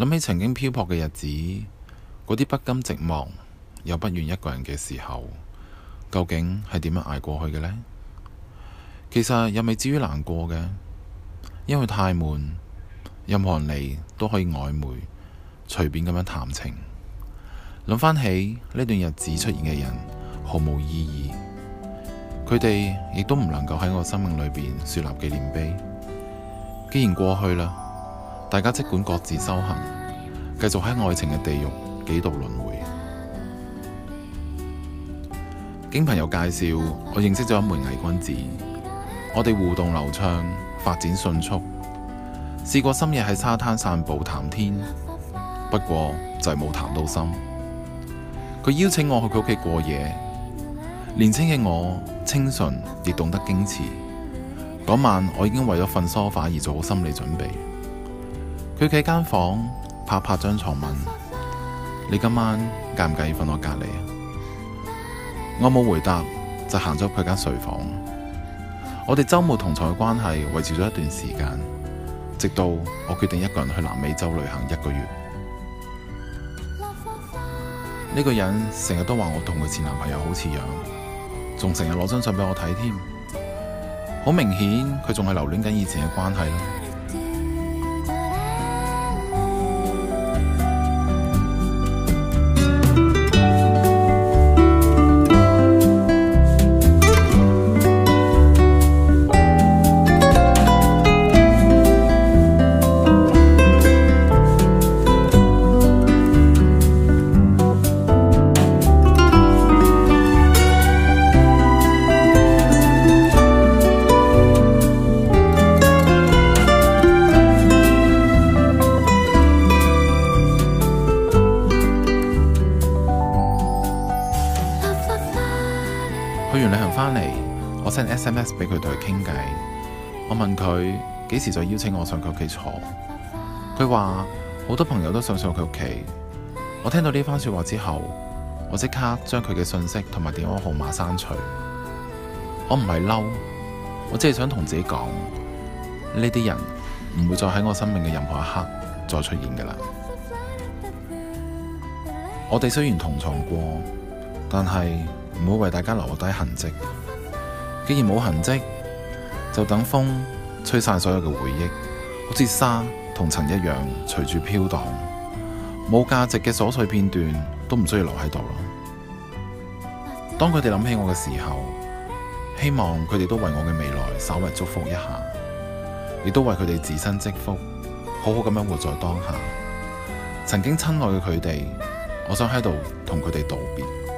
諗起曾經漂泊嘅日子，嗰啲不甘寂寞又不願一個人嘅時候，究竟係點樣挨過去嘅呢？其實又未至於難過嘅，因為太悶，任何人嚟都可以曖昧，隨便咁樣談情。諗翻起呢段日子出現嘅人，毫無意義，佢哋亦都唔能夠喺我生命裏邊樹立紀念碑。既然過去啦。大家即管各自修行，繼續喺愛情嘅地獄幾度輪迴。經朋友介紹，我認識咗一枚偽君子，我哋互動流暢，發展迅速。試過深夜喺沙灘散步談天，不過就係冇談到心。佢邀請我去佢屋企過夜，年輕嘅我清純亦懂得矜持。嗰晚我已經為咗瞓梳化而做好心理準備。佢企間房間，拍拍張床問：你今晚介唔介意瞓我隔籬啊？我冇回答，就行咗入佢間睡房。我哋周末同床嘅關係維持咗一段時間，直到我決定一個人去南美洲旅行一個月。呢個人成日都話我同佢前男朋友好似樣，仲成日攞張相俾我睇添，好明顯佢仲係留戀緊以前嘅關係。完旅行翻嚟，我 send SMS 俾佢同佢傾偈。我問佢幾時再邀請我上佢屋企坐。佢話好多朋友都上上佢屋企。我聽到呢番說話之後，我即刻將佢嘅信息同埋電話號碼刪除。我唔係嬲，我只係想同自己講，呢啲人唔會再喺我生命嘅任何一刻再出現噶啦。我哋雖然同床過，但係唔會為大家留低痕跡，既然冇痕跡，就等風吹散所有嘅回憶，好似沙同塵一樣隨住飄蕩。冇價值嘅瑣碎片段都唔需要留喺度咯。當佢哋諗起我嘅時候，希望佢哋都為我嘅未來稍微祝福一下，亦都為佢哋自身積福，好好咁樣活在當下。曾經親愛嘅佢哋，我想喺度同佢哋道別。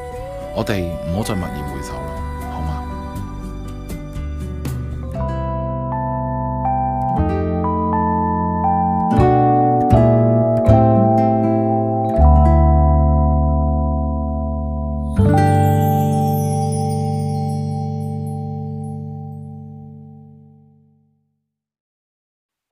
我哋唔好再驀然回首啦。